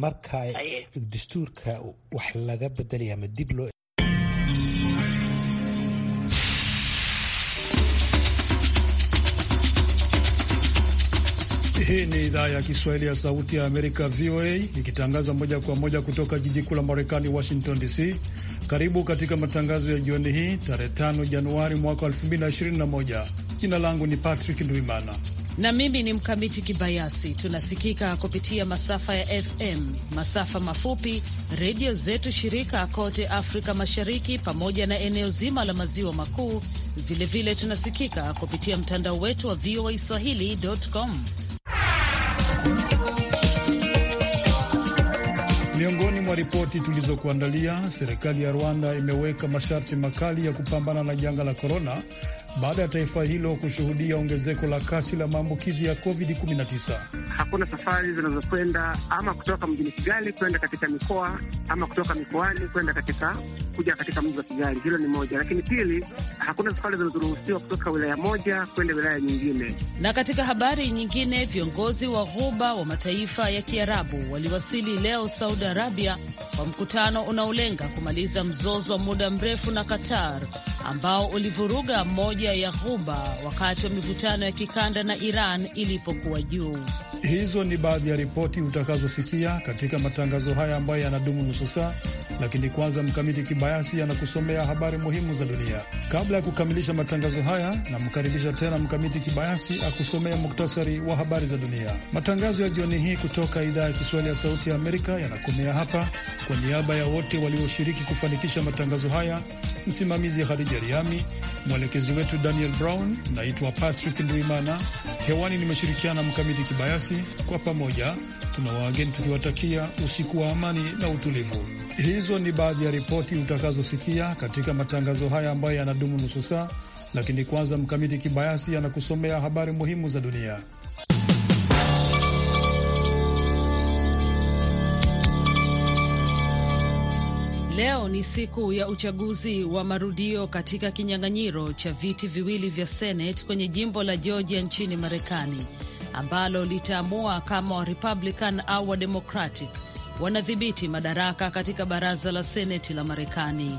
marka dastuurka wax laga bedelaya ama dib loo Hii ni idhaa ya Kiswahili ya Sauti ya Amerika, VOA, ikitangaza moja kwa moja kutoka jiji kuu la Marekani, Washington DC. Karibu katika matangazo ya jioni hii tarehe 5 Januari mwaka 2021. Jina langu ni Patrick Ndwimana na mimi ni Mkamiti Kibayasi. Tunasikika kupitia masafa ya FM, masafa mafupi, redio zetu shirika kote Afrika Mashariki pamoja na eneo zima la maziwa makuu. Vilevile tunasikika kupitia mtandao wetu wa VOA swahili.com. Miongoni mwa ripoti tulizokuandalia, serikali ya Rwanda imeweka masharti makali ya kupambana na janga la korona baada ya taifa hilo kushuhudia ongezeko la kasi la maambukizi ya COVID-19. Hakuna safari zinazokwenda ama kutoka mjini Kigali kwenda katika mikoa ama kutoka mikoani kwenda katika kuja katika mji wa Kigali. Hilo ni moja, lakini pili, hakuna safari zinazoruhusiwa kutoka wilaya moja kwenda wilaya nyingine. Na katika habari nyingine, viongozi wa Ghuba wa mataifa ya Kiarabu waliwasili leo Saudi Arabia kwa mkutano unaolenga kumaliza mzozo wa muda mrefu na Qatar ambao ulivuruga moja moja ya Ghuba wakati wa mivutano ya kikanda na Iran ilipokuwa juu. Hizo ni baadhi ya ripoti utakazosikia katika matangazo haya ambayo yanadumu nusu saa, lakini kwanza Mkamiti Kibayasi anakusomea habari muhimu za dunia. Kabla ya kukamilisha matangazo haya, namkaribisha tena Mkamiti Kibayasi akusomea muktasari wa habari za dunia. Matangazo ya jioni hii kutoka idhaa ya Kiswahili ya Sauti ya Amerika yanakomea hapa. Kwa niaba ya wote walioshiriki kufanikisha matangazo haya, msimamizi hadija Riami, mwelekezi wetu wetu Daniel Brown. Naitwa Patrick Nduimana, hewani nimeshirikiana Mkamiti Kibayasi. Kwa pamoja tuna wageni tukiwatakia usiku wa amani na utulivu. Hizo ni baadhi ya ripoti utakazosikia katika matangazo haya ambayo yanadumu nusu saa, lakini kwanza Mkamiti Kibayasi anakusomea habari muhimu za dunia. Leo ni siku ya uchaguzi wa marudio katika kinyang'anyiro cha viti viwili vya Senate kwenye jimbo la Georgia nchini Marekani ambalo litaamua kama wa Republican au wa Democratic wanadhibiti madaraka katika baraza la Seneti la Marekani.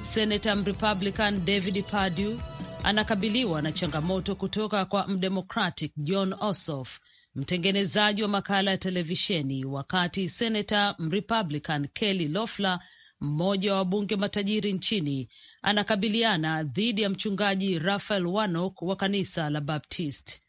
Senata Mrepublican David Perdue anakabiliwa na changamoto kutoka kwa Mdemocratic John Ossoff, mtengenezaji wa makala ya televisheni, wakati Senata Mrepublican Kelly Loeffler mmoja wa wabunge matajiri nchini anakabiliana dhidi ya mchungaji rafael Warnock wa kanisa la Baptist.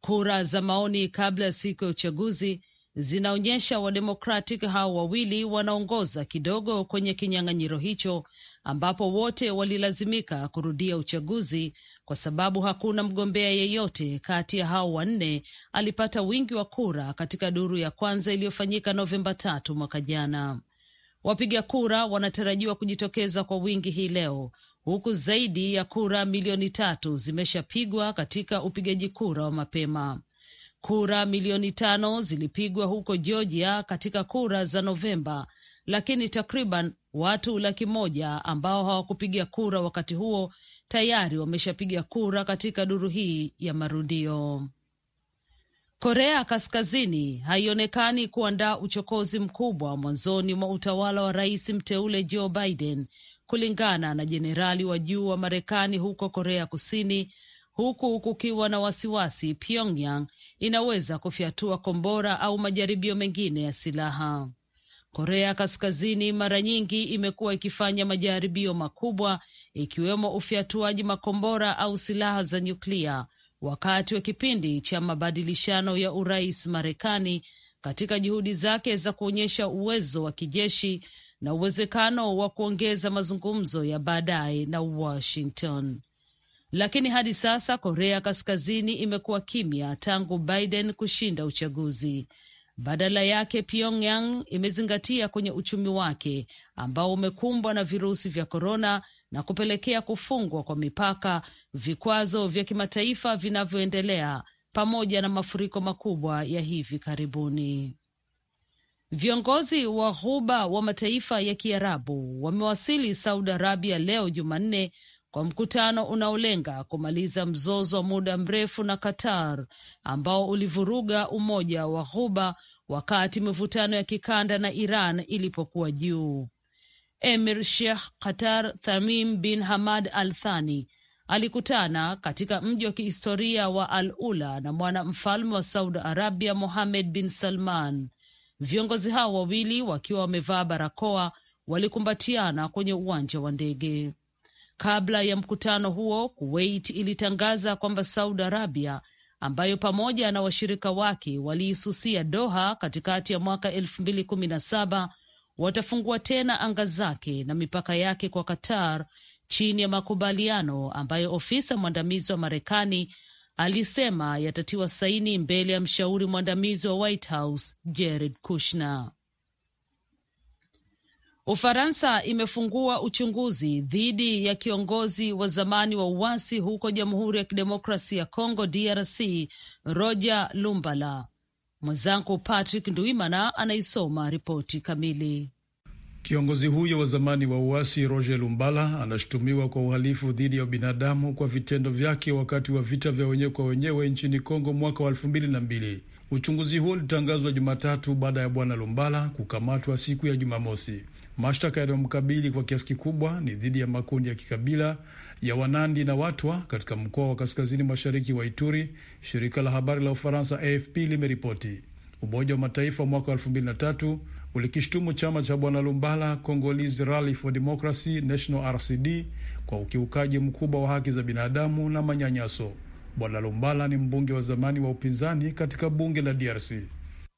Kura za maoni kabla ya siku ya uchaguzi zinaonyesha Wademokratic hao wawili wanaongoza kidogo kwenye kinyang'anyiro hicho, ambapo wote walilazimika kurudia uchaguzi kwa sababu hakuna mgombea yeyote kati ya hao wanne alipata wingi wa kura katika duru ya kwanza iliyofanyika Novemba tatu mwaka jana. Wapiga kura wanatarajiwa kujitokeza kwa wingi hii leo huku zaidi ya kura milioni tatu zimeshapigwa katika upigaji kura wa mapema. Kura milioni tano zilipigwa huko Georgia katika kura za Novemba, lakini takriban watu laki moja ambao hawakupiga kura wakati huo tayari wameshapiga kura katika duru hii ya marudio. Korea Kaskazini haionekani kuandaa uchokozi mkubwa mwanzoni mwa utawala wa rais mteule Joe Biden, kulingana na jenerali wa juu wa Marekani huko Korea Kusini, huku kukiwa na wasiwasi Pyongyang inaweza kufyatua kombora au majaribio mengine ya silaha. Korea Kaskazini mara nyingi imekuwa ikifanya majaribio makubwa, ikiwemo ufyatuaji makombora au silaha za nyuklia wakati wa kipindi cha mabadilishano ya urais Marekani, katika juhudi zake za kuonyesha uwezo wa kijeshi na uwezekano wa kuongeza mazungumzo ya baadaye na Washington. Lakini hadi sasa Korea Kaskazini imekuwa kimya tangu Biden kushinda uchaguzi. Badala yake Pyongyang imezingatia kwenye uchumi wake ambao umekumbwa na virusi vya korona na kupelekea kufungwa kwa mipaka, vikwazo vya kimataifa vinavyoendelea pamoja na mafuriko makubwa ya hivi karibuni. Viongozi wa Ghuba wa mataifa ya Kiarabu wamewasili Saudi Arabia leo Jumanne kwa mkutano unaolenga kumaliza mzozo wa muda mrefu na Qatar ambao ulivuruga umoja wa Ghuba wakati mivutano ya kikanda na Iran ilipokuwa juu. Emir Sheikh Qatar Thamim bin Hamad Al Thani alikutana katika mji wa kihistoria wa Al Ula na mwanamfalme wa Saudi Arabia Mohammed bin Salman. Viongozi hao wawili wakiwa wamevaa barakoa walikumbatiana kwenye uwanja wa ndege. Kabla ya mkutano huo, Kuwait ilitangaza kwamba Saudi Arabia ambayo pamoja na washirika wake waliisusia Doha katikati ya mwaka elfu mbili kumi na saba watafungua tena anga zake na mipaka yake kwa Qatar chini ya makubaliano ambayo ofisa mwandamizi wa Marekani alisema yatatiwa saini mbele ya mshauri mwandamizi wa White House Jared Kushner. Ufaransa imefungua uchunguzi dhidi ya kiongozi wa zamani wa uasi huko Jamhuri ya Kidemokrasi ya Kongo DRC Roger Lumbala Mwenzangu Patrick Nduimana anaisoma ripoti kamili. Kiongozi huyo wa zamani wa uasi Roger Lumbala anashutumiwa kwa uhalifu dhidi ya binadamu kwa vitendo vyake wakati wa vita vya wenyewe kwa wenyewe nchini Kongo mwaka wa elfu mbili na mbili. Uchunguzi huo ulitangazwa Jumatatu baada ya bwana Lumbala kukamatwa siku ya Jumamosi. Mashtaka yanayomkabili kwa kiasi kikubwa ni dhidi ya makundi ya kikabila ya Wanandi na Watwa katika mkoa wa kaskazini mashariki wa Ituri, shirika la habari la Ufaransa AFP limeripoti. Umoja wa Mataifa mwaka 2003 ulikishtumu chama cha Bwana Lumbala Congolese Rally for Democracy National RCD kwa ukiukaji mkubwa wa haki za binadamu na manyanyaso. Bwana Lumbala ni mbunge wa zamani wa upinzani katika bunge la DRC.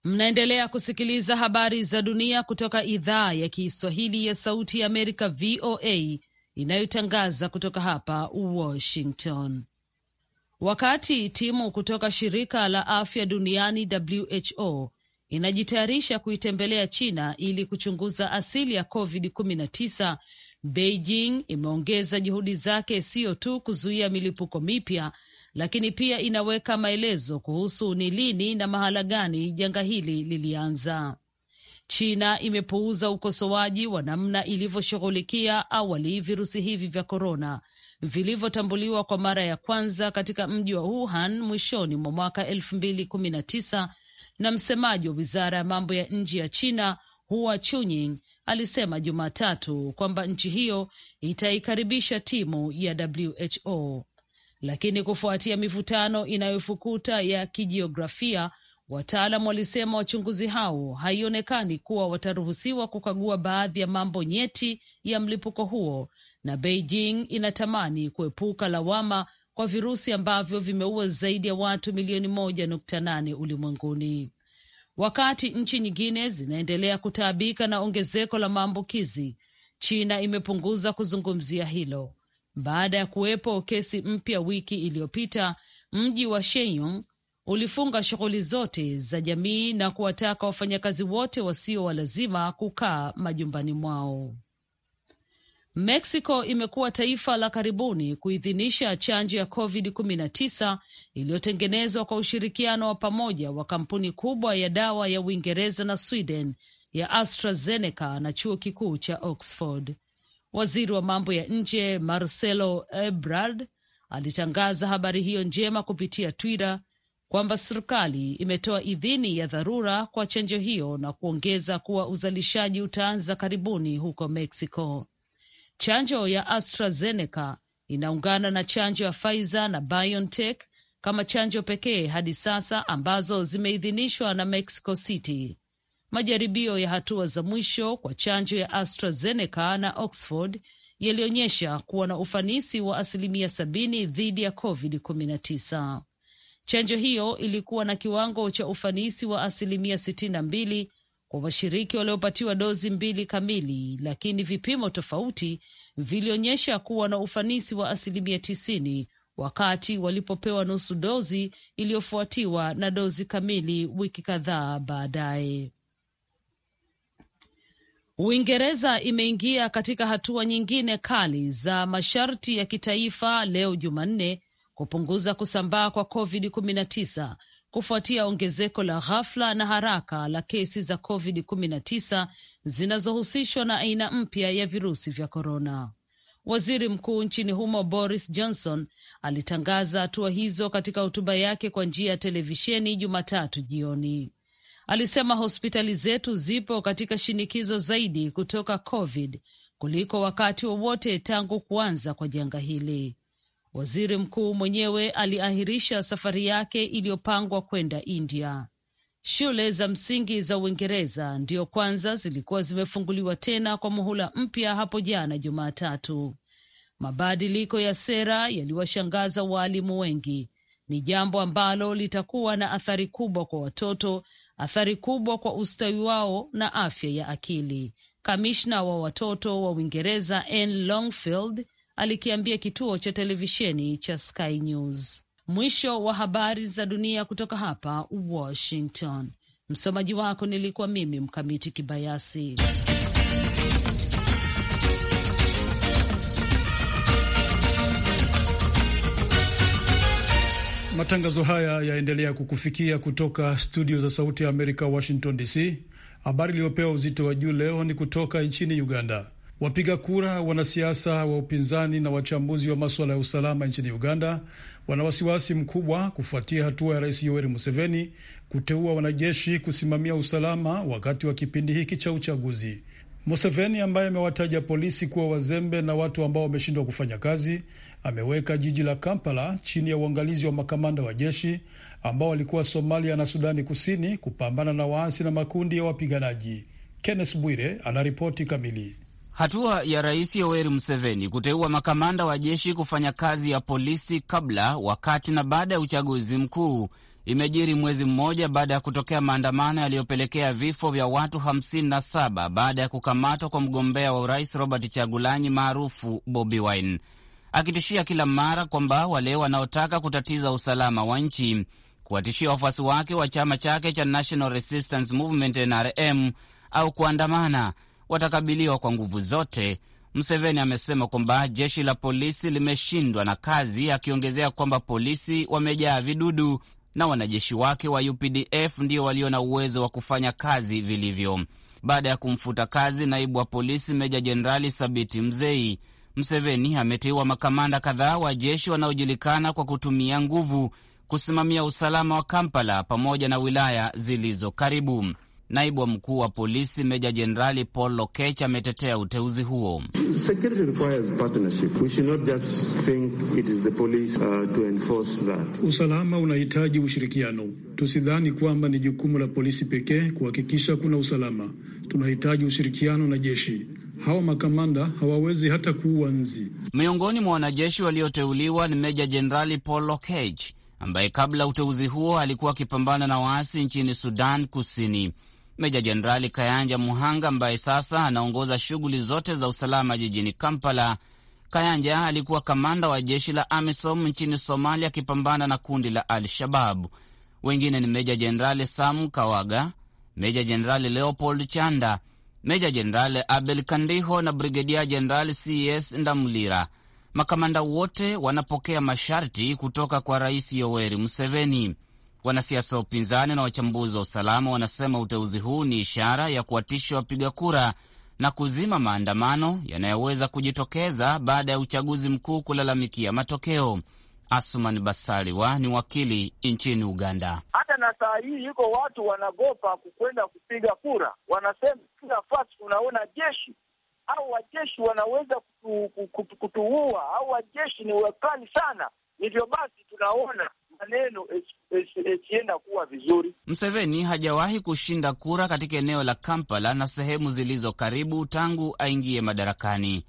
Mnaendelea kusikiliza habari za dunia kutoka idhaa ya Kiswahili ya Sauti ya Amerika, VOA, inayotangaza kutoka hapa Washington. Wakati timu kutoka shirika la afya duniani WHO inajitayarisha kuitembelea China ili kuchunguza asili ya COVID-19, Beijing imeongeza juhudi zake siyo tu kuzuia milipuko mipya, lakini pia inaweka maelezo kuhusu ni lini na mahala gani janga hili lilianza. China imepuuza ukosoaji wa namna ilivyoshughulikia awali virusi hivi vya korona vilivyotambuliwa kwa mara ya kwanza katika mji wa Wuhan mwishoni mwa mwaka elfu mbili kumi na tisa na msemaji wa wizara ya mambo ya nje ya China Hua Chunying alisema Jumatatu kwamba nchi hiyo itaikaribisha timu ya WHO, lakini kufuatia mivutano inayofukuta ya kijiografia Wataalam walisema wachunguzi hao haionekani kuwa wataruhusiwa kukagua baadhi ya mambo nyeti ya mlipuko huo, na Beijing inatamani kuepuka lawama kwa virusi ambavyo vimeua zaidi ya watu milioni moja nukta nane ulimwenguni. Wakati nchi nyingine zinaendelea kutaabika na ongezeko la maambukizi, China imepunguza kuzungumzia hilo baada ya kuwepo kesi mpya wiki iliyopita. Mji wa Shenyang ulifunga shughuli zote za jamii na kuwataka wafanyakazi wote wasio wa lazima kukaa majumbani mwao. Mexico imekuwa taifa la karibuni kuidhinisha chanjo ya COVID-19 iliyotengenezwa kwa ushirikiano wa pamoja wa kampuni kubwa ya dawa ya Uingereza na Sweden ya AstraZeneca na chuo kikuu cha Oxford. Waziri wa mambo ya nje Marcelo Ebrard alitangaza habari hiyo njema kupitia Twitter kwamba serikali imetoa idhini ya dharura kwa chanjo hiyo na kuongeza kuwa uzalishaji utaanza karibuni huko Mexico. Chanjo ya AstraZeneca inaungana na chanjo ya Pfizer na BioNTech kama chanjo pekee hadi sasa ambazo zimeidhinishwa na Mexico City. Majaribio ya hatua za mwisho kwa chanjo ya AstraZeneca na Oxford yalionyesha kuwa na ufanisi wa asilimia sabini dhidi ya COVID-19. Chanjo hiyo ilikuwa na kiwango cha ufanisi wa asilimia sitini na mbili kwa washiriki waliopatiwa dozi mbili kamili, lakini vipimo tofauti vilionyesha kuwa na ufanisi wa asilimia tisini wakati walipopewa nusu dozi iliyofuatiwa na dozi kamili wiki kadhaa baadaye. Uingereza imeingia katika hatua nyingine kali za masharti ya kitaifa leo Jumanne kupunguza kusambaa kwa COVID-19 kufuatia ongezeko la ghafla na haraka la kesi za COVID-19 zinazohusishwa na aina mpya ya virusi vya korona. Waziri mkuu nchini humo Boris Johnson alitangaza hatua hizo katika hotuba yake kwa njia ya televisheni Jumatatu jioni. Alisema hospitali zetu zipo katika shinikizo zaidi kutoka COVID kuliko wakati wowote wa tangu kuanza kwa janga hili. Waziri mkuu mwenyewe aliahirisha safari yake iliyopangwa kwenda India. Shule za msingi za Uingereza ndiyo kwanza zilikuwa zimefunguliwa tena kwa muhula mpya hapo jana Jumatatu. Mabadiliko ya sera yaliwashangaza waalimu wengi. Ni jambo ambalo litakuwa na athari kubwa kwa watoto, athari kubwa kwa ustawi wao na afya ya akili. Kamishna wa watoto wa Uingereza Anne Longfield alikiambia kituo cha televisheni cha Sky News. Mwisho wa habari za dunia kutoka hapa Washington. Msomaji wako nilikuwa mimi Mkamiti Kibayasi. Matangazo haya yaendelea kukufikia kutoka studio za Sauti ya Amerika, Washington DC. Habari iliyopewa uzito wa juu leo ni kutoka nchini Uganda. Wapiga kura, wanasiasa wa upinzani na wachambuzi wa maswala ya usalama nchini Uganda wana wasiwasi mkubwa kufuatia hatua ya Rais Yoweri Museveni kuteua wanajeshi kusimamia usalama wakati wa kipindi hiki cha uchaguzi. Museveni ambaye amewataja polisi kuwa wazembe na watu ambao wameshindwa kufanya kazi, ameweka jiji la Kampala chini ya uangalizi wa makamanda wa jeshi ambao walikuwa Somalia na Sudani Kusini kupambana na waasi na makundi ya wapiganaji. Kenneth Bwire anaripoti kamili. Hatua ya Rais Yoweri Museveni kuteua makamanda wa jeshi kufanya kazi ya polisi kabla, wakati na baada ya uchaguzi mkuu imejiri mwezi mmoja baada ya kutokea maandamano yaliyopelekea vifo vya watu 57 baada ya kukamatwa kwa mgombea wa urais Robert Chagulanyi maarufu Bobi Wine, akitishia kila mara kwamba wale wanaotaka kutatiza usalama wa nchi kuwatishia wafuasi wake wa chama chake cha National Resistance Movement NRM au kuandamana watakabiliwa kwa nguvu zote. mseveni amesema kwamba jeshi la polisi limeshindwa na kazi, akiongezea kwamba polisi wamejaa vidudu na wanajeshi wake wa UPDF ndio walio na uwezo wa kufanya kazi vilivyo. Baada ya kumfuta kazi naibu wa polisi meja jenerali Sabiti Mzei, Mseveni ameteua makamanda kadhaa wa jeshi wanaojulikana kwa kutumia nguvu kusimamia usalama wa Kampala pamoja na wilaya zilizo karibu. Naibu wa mkuu wa polisi meja jenerali Paul Lokech ametetea uteuzi huo. Uh, usalama unahitaji ushirikiano. Tusidhani kwamba ni jukumu la polisi pekee kuhakikisha kuna usalama. Tunahitaji ushirikiano na jeshi. Hawa makamanda hawawezi hata kuua nzi. Miongoni mwa wanajeshi walioteuliwa ni meja jenerali Paul Lokech ambaye kabla uteuzi huo alikuwa akipambana na waasi nchini Sudan Kusini. Meja Jenerali Kayanja Muhanga ambaye sasa anaongoza shughuli zote za usalama jijini Kampala. Kayanja alikuwa kamanda wa jeshi la AMISOM nchini Somalia akipambana na kundi la Al-Shababu. Wengine ni Meja Jenerali Sam Kawaga, Meja Jenerali Leopold Chanda, Meja Jenerali Abel Kandiho na Brigedia Jenerali CS Ndamulira. Makamanda wote wanapokea masharti kutoka kwa Rais Yoweri Museveni. Wanasiasa wa upinzani na wachambuzi wa usalama wanasema uteuzi huu ni ishara ya kuwatisha wapiga kura na kuzima maandamano yanayoweza kujitokeza baada ya uchaguzi mkuu kulalamikia matokeo. Asuman Basaliwa ni wakili nchini Uganda. Hata na saa hii iko watu wanagopa kukwenda kupiga kura, wanasema kila fasi unaona jeshi au wajeshi wanaweza kutu, kutu, kutuua au wajeshi ni wakali sana, hivyo basi tunaona maneno isienda kuwa vizuri. Mseveni hajawahi kushinda kura katika eneo la Kampala na sehemu zilizo karibu tangu aingie madarakani.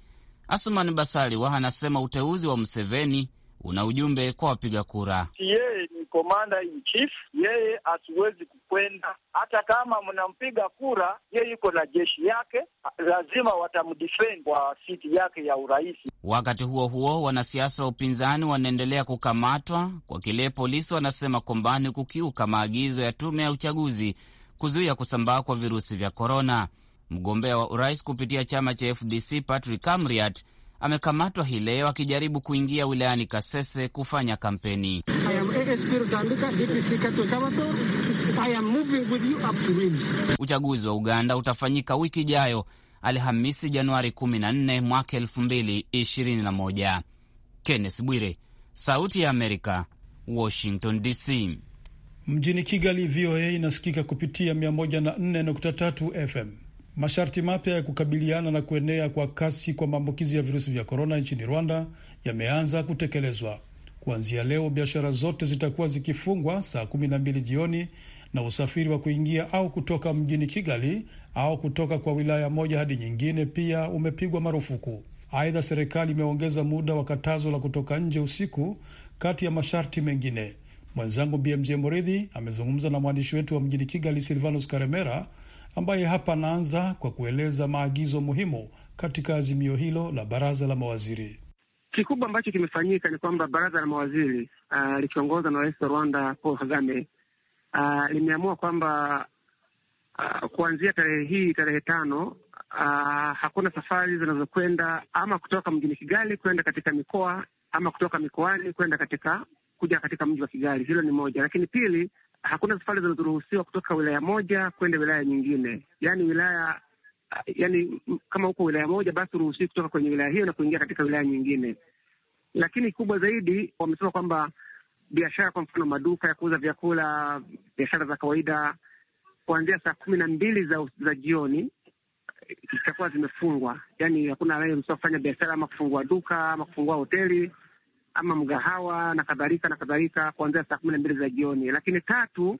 Asuman Basaliwa anasema uteuzi wa Mseveni una ujumbe kwa wapiga kura. Yeah komanda in chief, yeye hasiwezi kukwenda. Hata kama mnampiga kura, yeye yuko na jeshi yake, lazima watamdefend kwa siti yake ya urais. Wakati huo huo, wanasiasa wa upinzani wanaendelea kukamatwa kwa kile polisi wanasema kwamba ni kukiuka maagizo ya tume ya uchaguzi kuzuia kusambaa kwa virusi vya korona. Mgombea wa urais kupitia chama cha FDC Patrick Amriat amekamatwa hii leo akijaribu kuingia wilayani Kasese kufanya kampeni. Uchaguzi wa Uganda utafanyika wiki ijayo Alhamisi, Januari 14 mwaka 2021. Kenneth Bwire, Sauti ya Amerika, Washington DC. Mjini Kigali, VOA inasikika kupitia 104.3 FM. Masharti mapya ya kukabiliana na kuenea kwa kasi kwa maambukizi ya virusi vya korona nchini Rwanda yameanza kutekelezwa. Kuanzia leo, biashara zote zitakuwa zikifungwa saa kumi na mbili jioni na usafiri wa kuingia au kutoka mjini Kigali au kutoka kwa wilaya moja hadi nyingine pia umepigwa marufuku. Aidha, serikali imeongeza muda wa katazo la kutoka nje usiku kati ya masharti mengine. Mwenzangu BMJ Moridhi amezungumza na mwandishi wetu wa mjini Kigali, Silvanus Karemera, ambaye hapa anaanza kwa kueleza maagizo muhimu katika azimio hilo la baraza la mawaziri. Kikubwa ambacho kimefanyika ni kwamba baraza la mawaziri uh, likiongozwa na rais wa Rwanda Paul Kagame uh, limeamua kwamba uh, kuanzia tarehe hii tarehe tano Uh, hakuna safari zinazokwenda ama kutoka mjini Kigali kwenda katika mikoa ama kutoka mikoani kwenda katika kuja katika mji wa Kigali. Hilo ni moja, lakini pili, hakuna safari zinazoruhusiwa kutoka wilaya moja kwenda wilaya nyingine, yaani wilaya yani kama huko wilaya moja basi uruhusiwi kutoka kwenye wilaya hiyo na kuingia katika wilaya nyingine. Lakini kubwa zaidi, wamesema kwamba biashara, kwa mfano maduka ya kuuza vyakula, biashara za kawaida, kuanzia saa kumi na mbili za, za jioni zitakuwa zimefungwa. Yani hakuna anayeruhusiwa kufanya biashara ama kufungua duka ama kufungua hoteli ama mgahawa na kadhalika na kadhalika, kuanzia saa kumi na mbili za jioni. Lakini tatu,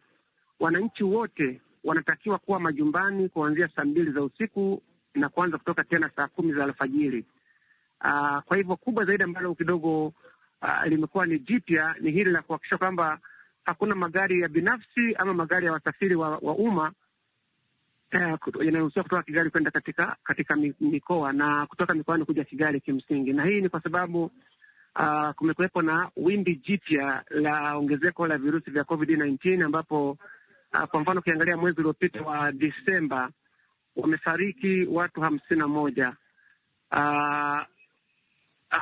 wananchi wote wanatakiwa kuwa majumbani kuanzia saa mbili za usiku na kuanza kutoka tena saa kumi za alfajiri. Uh, kwa hivyo kubwa zaidi ambalo kidogo uh, limekuwa ni jipya ni hili la kuhakikisha kwamba hakuna magari ya binafsi ama magari ya wasafiri wa, wa umma eh, yanayoruhusiwa kutoka Kigali kwenda katika katika mikoa na kutoka mikoani kuja Kigali kimsingi, na hii ni kwa sababu uh, kumekuwepo na wimbi jipya la ongezeko la virusi vya COVID-19 ambapo uh, kwa mfano ukiangalia mwezi uliopita wa Disemba wamefariki watu hamsini na moja uh,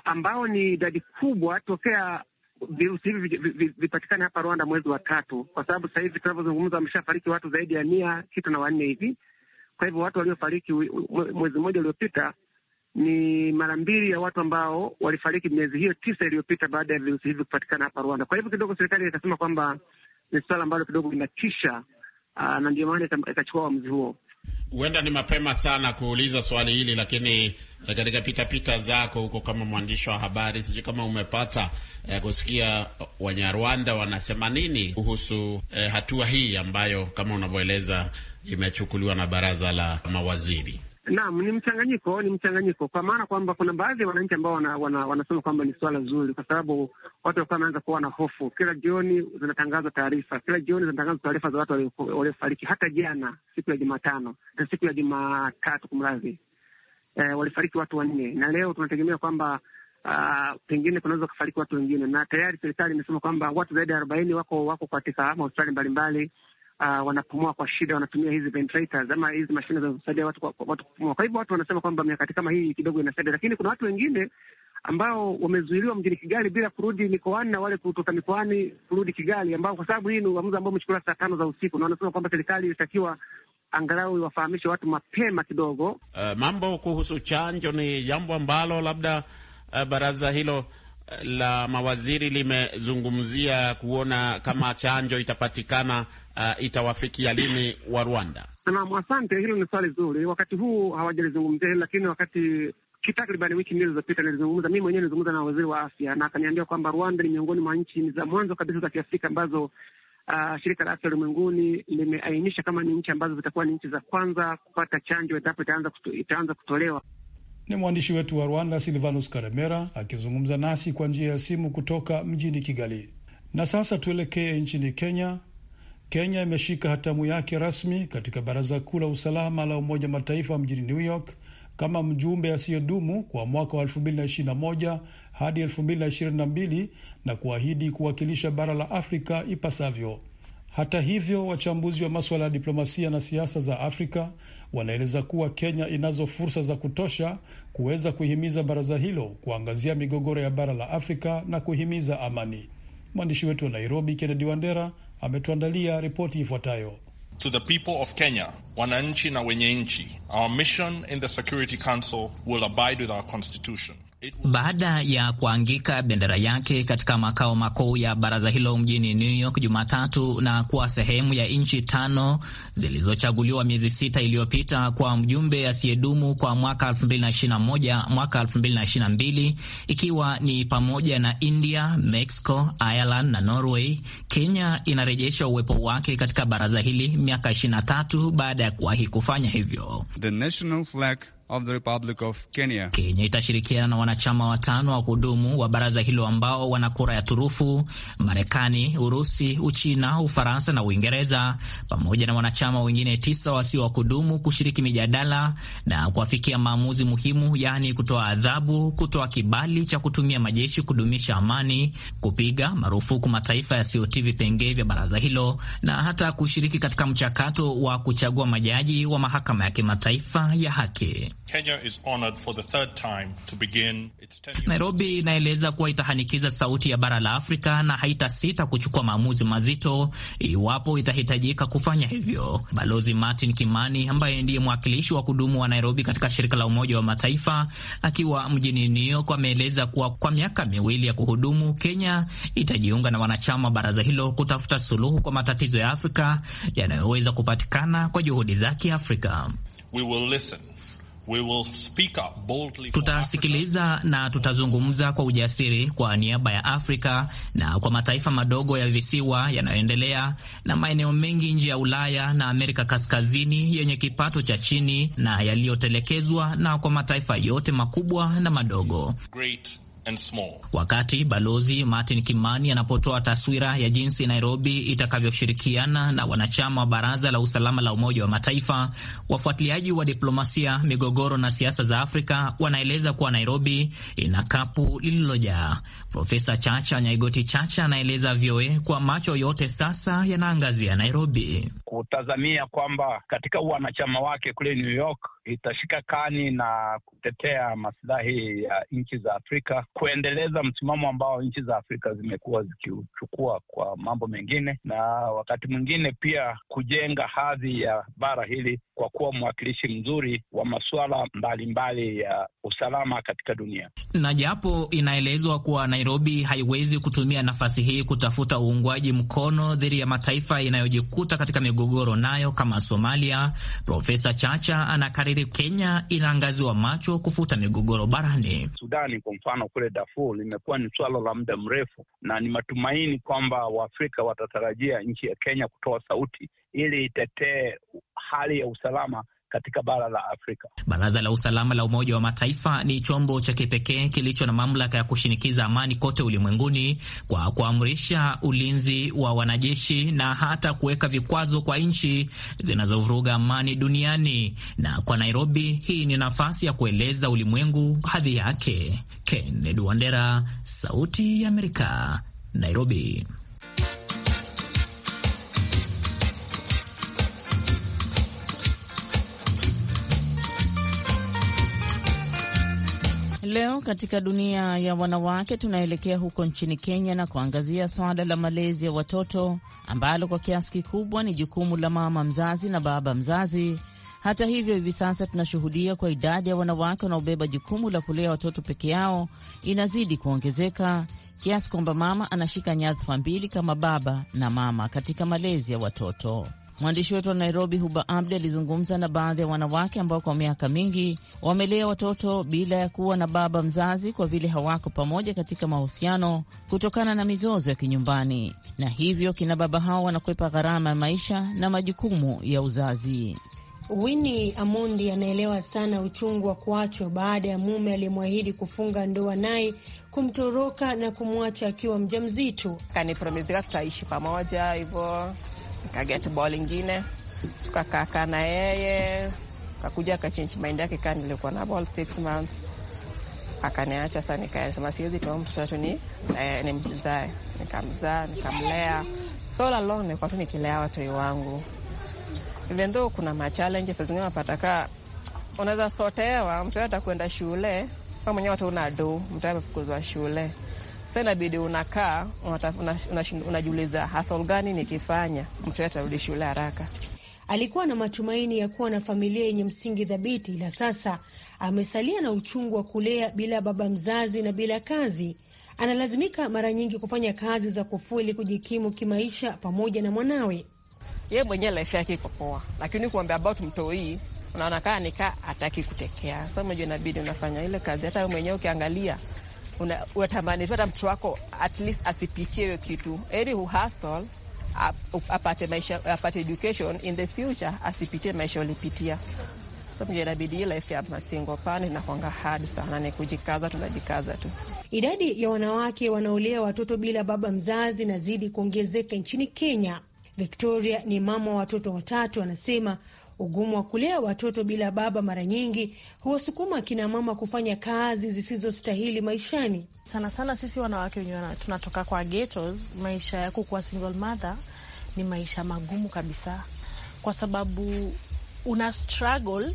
ambao ni idadi kubwa tokea virusi hivi vipatikane hapa Rwanda mwezi wa tatu, kwa sababu sasa hivi tunavyozungumza wameshafariki watu zaidi ya mia kitu na wanne hivi. Kwa hivyo watu waliofariki mwezi mmoja uliopita ni mara mbili ya watu ambao walifariki miezi hiyo tisa iliyopita baada ya virusi hivi kupatikana hapa Rwanda. Kwa hivyo kidogo serikali ikasema kwamba ni suala ambalo kidogo linatisha, ah, na ndio maana ikachukua uamuzi huo. Huenda ni mapema sana kuuliza swali hili, lakini eh, katika pitapita zako huko kama mwandishi wa habari, sijui kama umepata eh, kusikia Wanyarwanda wanasema nini kuhusu eh, hatua hii ambayo kama unavyoeleza imechukuliwa na baraza la mawaziri. Naam, ni mchanganyiko, ni mchanganyiko kwa maana kwamba kuna baadhi ya wananchi ambao wana, wana, wanasema kwamba ni swala zuri, kwa sababu watu walikuwa wanaanza kuwa na hofu. Kila jioni zinatangaza taarifa, kila jioni zinatangaza taarifa za watu waliofariki. Hata jana siku ya Jumatano na siku ya Jumatatu kumradhi, e, walifariki watu wanne, na leo tunategemea kwamba Uh, pengine kunaweza kufariki watu wengine, na tayari serikali imesema kwamba watu zaidi ya arobaini wako wako katika mahospitali mbalimbali Ah, wanapumua kwa shida, wanatumia hizi ventilators ama hizi mashine zinazosaidia watu kupumua. Kwa, hivyo watu wanasema kwamba miakati kama hii kidogo inasaidia, lakini kuna watu wengine ambao wamezuiliwa mjini Kigali bila kurudi mikoani na wale kutoka mikoani kurudi Kigali, ambao kwa sababu hii ni uamuzi ambao umechukuliwa saa tano za usiku, na wanasema kwamba serikali ilitakiwa angalau iwafahamishe watu mapema kidogo. Uh, mambo kuhusu chanjo ni jambo ambalo labda uh, baraza hilo eh, la mawaziri limezungumzia kuona kama chanjo itapatikana uh, itawafikia lini wa Rwanda? Naam, asante. Hilo ni swali zuri. Wakati huu hawajalizungumzia hili, lakini wakati kitakriban wiki mbili zilizopita nilizungumza mimi mwenyewe, nilizungumza na waziri wa afya na akaniambia kwamba Rwanda ni miongoni mwa nchi za mwanzo kabisa za Kiafrika ambazo uh, shirika la afya ulimwenguni limeainisha kama ni nchi ambazo zitakuwa ni nchi za kwanza kupata chanjo endapo itaanza kuto, itaanza kutolewa. Ni mwandishi wetu wa Rwanda Silvanus Karemera akizungumza nasi kwa njia ya simu kutoka mjini Kigali. Na sasa tuelekee nchini Kenya Kenya imeshika hatamu yake rasmi katika Baraza Kuu la Usalama la Umoja Mataifa mjini New York kama mjumbe asiyedumu kwa mwaka wa 2021 hadi 2022 na kuahidi kuwakilisha bara la Afrika ipasavyo. Hata hivyo, wachambuzi wa maswala ya diplomasia na siasa za Afrika wanaeleza kuwa Kenya inazo fursa za kutosha kuweza kuhimiza baraza hilo kuangazia migogoro ya bara la Afrika na kuhimiza amani. Mwandishi wetu wa Nairobi, Kennedy Wandera, ametuandalia ripoti ifuatayo. To the people of Kenya, wananchi na wenye nchi, our mission in the Security Council will abide with our constitution baada ya kuangika bendera yake katika makao makuu ya baraza hilo mjini New York Jumatatu na kuwa sehemu ya nchi tano zilizochaguliwa miezi sita iliyopita kwa mjumbe asiyedumu kwa mwaka 2021 mwaka 2022, ikiwa ni pamoja na India, Mexico, Ireland na Norway. Kenya inarejesha uwepo wake katika baraza hili miaka 23 baada ya kuwahi kufanya hivyo The national flag of the Republic of Kenya. Kenya itashirikiana na wanachama watano wa kudumu wa baraza hilo ambao wana kura ya turufu: Marekani, Urusi, Uchina, Ufaransa na Uingereza, pamoja na wanachama wengine tisa wasio wa kudumu kushiriki mijadala na kuafikia maamuzi muhimu, yaani kutoa adhabu, kutoa kibali cha kutumia majeshi kudumisha amani, kupiga marufuku mataifa yasiyotii vipengee vya baraza hilo na hata kushiriki katika mchakato wa kuchagua majaji wa mahakama ya kimataifa ya haki. Nairobi inaeleza kuwa itahanikiza sauti ya bara la Afrika na haitasita kuchukua maamuzi mazito iwapo itahitajika kufanya hivyo. Balozi Martin Kimani ambaye ndiye mwakilishi wa kudumu wa Nairobi katika shirika la Umoja wa Mataifa akiwa mjini New York ameeleza kuwa kwa miaka miwili ya kuhudumu, Kenya itajiunga na wanachama wa baraza hilo kutafuta suluhu kwa matatizo ya Afrika yanayoweza kupatikana kwa juhudi za Kiafrika. We will listen. Tutasikiliza na tutazungumza kwa ujasiri kwa niaba ya Afrika na kwa mataifa madogo ya visiwa yanayoendelea na maeneo mengi nje ya Ulaya na Amerika Kaskazini yenye kipato cha chini na yaliyotelekezwa, na kwa mataifa yote makubwa na madogo Great and small. Wakati Balozi Martin Kimani anapotoa taswira ya jinsi Nairobi itakavyoshirikiana na wanachama wa Baraza la Usalama la Umoja wa Mataifa, wafuatiliaji wa diplomasia, migogoro na siasa za Afrika wanaeleza kuwa Nairobi ina kapu lililojaa. Profesa Chacha Nyaigoti Chacha anaeleza VOA kuwa macho yote sasa yanaangazia Nairobi, kutazamia kwamba katika wanachama wake kule New York itashika kani na kutetea masilahi ya nchi za Afrika, kuendeleza msimamo ambao nchi za Afrika zimekuwa zikiuchukua kwa mambo mengine, na wakati mwingine pia kujenga hadhi ya bara hili kwa kuwa mwakilishi mzuri wa masuala mbalimbali ya usalama katika dunia. Na japo inaelezwa kuwa Nairobi haiwezi kutumia nafasi hii kutafuta uungwaji mkono dhidi ya mataifa inayojikuta katika migogoro nayo kama Somalia, Profesa Chacha anakari Magharibi Kenya inaangaziwa macho kufuta migogoro barani. Sudani kwa mfano, kule Darfur limekuwa ni swala la muda mrefu, na ni matumaini kwamba Waafrika watatarajia nchi ya Kenya kutoa sauti ili itetee hali ya usalama katika bara la Afrika. Baraza la Usalama la Umoja wa Mataifa ni chombo cha kipekee kilicho na mamlaka ya kushinikiza amani kote ulimwenguni kwa kuamrisha ulinzi wa wanajeshi na hata kuweka vikwazo kwa nchi zinazovuruga amani duniani. Na kwa Nairobi, hii ni nafasi ya kueleza ulimwengu hadhi yake. Kennedy Wandera, Sauti ya Amerika, Nairobi. Leo katika dunia ya wanawake tunaelekea huko nchini Kenya na kuangazia swala la malezi ya watoto ambalo kwa kiasi kikubwa ni jukumu la mama mzazi na baba mzazi. Hata hivyo, hivi sasa tunashuhudia kwa idadi ya wanawake wanaobeba jukumu la kulea watoto peke yao inazidi kuongezeka kiasi kwamba mama anashika nyadhifa mbili kama baba na mama katika malezi ya watoto. Mwandishi wetu wa Nairobi, Huba Abdi, alizungumza na baadhi ya wanawake ambao kwa miaka mingi wamelea watoto bila ya kuwa na baba mzazi, kwa vile hawako pamoja katika mahusiano kutokana na mizozo ya kinyumbani, na hivyo kina baba hao wanakwepa gharama ya maisha na majukumu ya uzazi. Wini Amundi anaelewa sana uchungu wa kuachwa baada ya mume aliyemwahidi kufunga ndoa naye kumtoroka na kumwacha akiwa mjamzito. Kanipromisi tutaishi pamoja hivyo akageti bao lingine, tukakaakaa na yeye, kakuja akachange mind yake, kaa nilikuwa na bao six months akaniacha sasa, nikasema siwezi toa mtoto wetu ni eh, ni nimzae. Nikamzaa, nikamlea, so all along nilikuwa tu nikilea watoi wangu, even though kuna ma challenges sasa. zingine pata ka unaweza sotewa, mtoto atakwenda shule kama mwenyewe hata una do, mtoto amefukuzwa shule sasa inabidi unakaa unajiuliza, una, una hasol gani nikifanya mtoto atarudi shule haraka. Alikuwa na matumaini ya kuwa na familia yenye msingi thabiti, ila sasa amesalia na uchungu wa kulea bila baba mzazi na bila kazi. Analazimika mara nyingi kufanya kazi za kufua ili kujikimu kimaisha pamoja na mwanawe. Ye mwenyewe life yake iko poa, lakini kuambia about mtoii unaona kaa nikaa ataki kutekea. Sasa unajua, inabidi unafanya ile kazi, hata mwenyewe ukiangalia unatamani hata mtoto wako at least asipitie hiyo kitu, heri uhasol apate maisha, apate education in the future, asipitie maisha ulipitia. Sababu inabidi life ya masingo pana inakwanga hard sana, ni kujikaza, tunajikaza tu. Idadi ya wanawake wanaolea watoto bila baba mzazi inazidi kuongezeka nchini Kenya. Victoria ni mama wa watoto watatu, anasema Ugumu wa kulea watoto bila baba mara nyingi huwasukuma akina mama kufanya kazi zisizostahili maishani. Sana sana sisi wanawake wenyewe tunatoka kwa ghettos, maisha ya kukuwa single mother ni maisha magumu kabisa, kwa sababu una struggle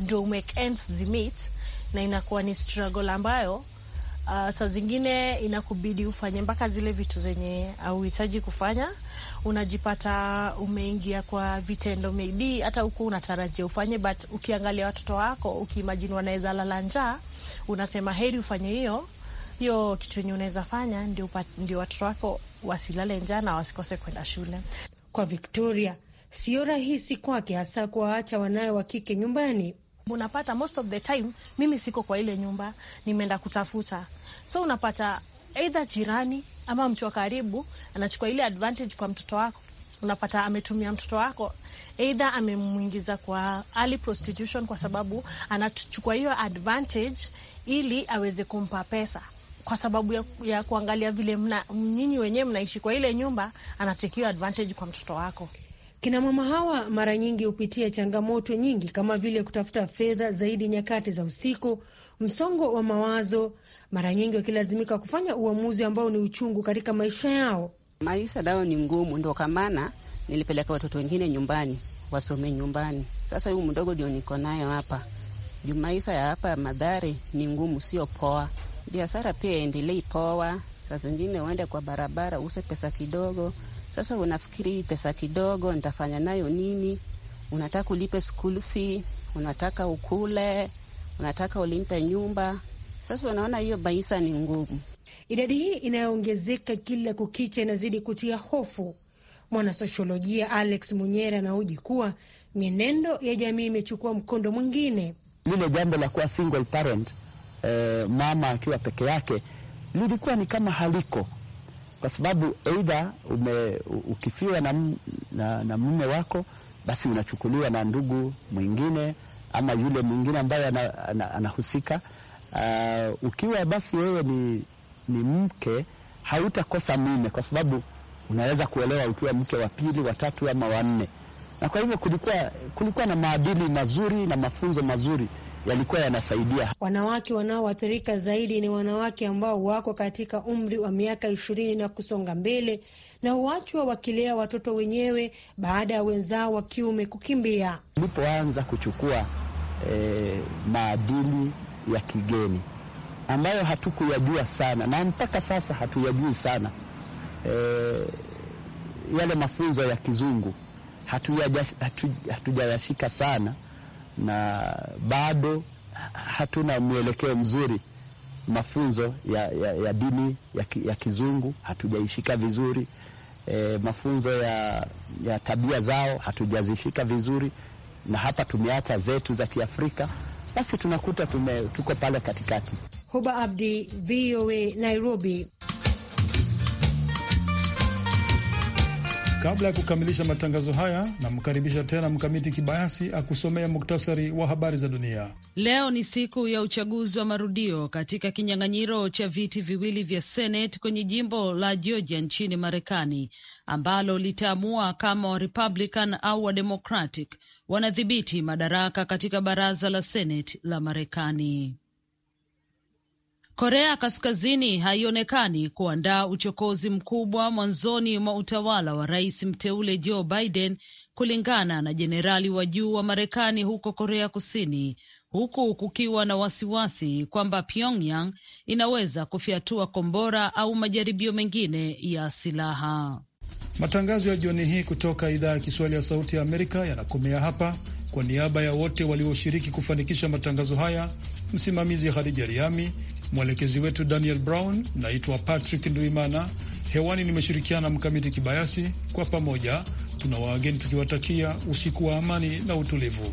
ndio make ends meet, na inakuwa ni struggle ambayo uh, saa zingine inakubidi ufanye mpaka zile vitu zenye auhitaji kufanya, unajipata umeingia kwa vitendo, maybe hata huku unatarajia ufanye, but ukiangalia watoto wako, ukiimajini wanaweza lala njaa, unasema heri ufanye hiyo hiyo kitu yenye unaweza fanya, ndio, ndio watoto wako wasilale njaa na wasikose kwenda shule. Kwa Victoria sio rahisi kwake, hasa kuwaacha wanawe wa kike nyumbani Unapata most of the time mimi siko kwa ile nyumba, nimeenda kutafuta, so unapata eidha jirani ama mtu wa karibu anachukua ile advantage kwa mtoto wako. Unapata ametumia mtoto wako, eidha amemwingiza kwa early prostitution, kwa sababu anachukua hiyo advantage ili aweze kumpa pesa kwa sababu ya, ya kuangalia vile nyinyi wenyewe mnaishi kwa ile nyumba, anatekiwa advantage kwa mtoto wako. Kinamama hawa mara nyingi hupitia changamoto nyingi kama vile kutafuta fedha zaidi nyakati za usiku, msongo wa mawazo, mara nyingi wakilazimika kufanya uamuzi ambao ni uchungu katika maisha yao. Maisha dao ni ngumu, ndo kamana nilipeleka watoto wengine nyumbani wasome nyumbani. Sasa huyu mdogo ndio niko nayo hapa juu. Maisha ya hapa madhari ni ngumu, sio poa. Biashara pia endelei poa, saa zingine uende kwa barabara use pesa kidogo sasa unafikiri pesa kidogo nitafanya nayo nini? Unataka ulipe school fee, unataka ukule, unataka ulimpe nyumba. Sasa unaona hiyo maisha ni ngumu. Idadi hii inayoongezeka kila kukicha inazidi kutia hofu. Mwanasosiolojia Alex munyere anahoji kuwa mienendo ya jamii imechukua mkondo mwingine. Lile jambo la kuwa single parent, eh, mama akiwa peke yake lilikuwa ni kama haliko kwa sababu aidha ukifiwa na, na, na mume wako basi unachukuliwa na ndugu mwingine ama yule mwingine ambaye anahusika. Uh, ukiwa basi wewe ni, ni mke hautakosa mume kwa sababu unaweza kuelewa ukiwa mke wa pili, watatu ama wanne Na kwa hivyo kulikuwa, kulikuwa na maadili mazuri na mafunzo mazuri yalikuwa yanasaidia. Wanawake wanaoathirika zaidi ni wanawake ambao wako katika umri wa miaka ishirini na kusonga mbele na huachwa wakilea watoto wenyewe baada ya wenzao wa kiume kukimbia. Nilipoanza kuchukua eh, maadili ya kigeni ambayo hatukuyajua sana na mpaka sasa hatuyajui sana eh, yale mafunzo ya kizungu hatujayashika hatu, hatu sana na bado hatuna mwelekeo mzuri. Mafunzo ya, ya, ya dini ya, ya kizungu hatujaishika vizuri. E, mafunzo ya, ya tabia zao hatujazishika vizuri, na hapa tumeacha zetu za Kiafrika, basi tunakuta tume, tuko pale katikati. Huba Abdi, VOA Nairobi. Kabla ya kukamilisha matangazo haya, namkaribisha tena Mkamiti Kibayasi akusomea muktasari wa habari za dunia. Leo ni siku ya uchaguzi wa marudio katika kinyang'anyiro cha viti viwili vya Senate kwenye jimbo la Georgia nchini Marekani, ambalo litaamua kama Warepublican au Wademocratic wanadhibiti madaraka katika baraza la Senate la Marekani. Korea Kaskazini haionekani kuandaa uchokozi mkubwa mwanzoni mwa utawala wa rais mteule Joe Biden, kulingana na jenerali wa juu wa Marekani huko Korea Kusini, huku kukiwa na wasiwasi kwamba Pyongyang inaweza kufyatua kombora au majaribio mengine ya silaha. Matangazo ya jioni hii kutoka idhaa ya Kiswahili ya Sauti ya Amerika yanakomea hapa. Kwa niaba ya wote walioshiriki kufanikisha matangazo haya, msimamizi Hadija Riami, mwelekezi wetu Daniel Brown. Naitwa Patrick Nduimana, hewani nimeshirikiana Mkamiti Kibayasi. Kwa pamoja tuna wageni tukiwatakia usiku wa amani na utulivu.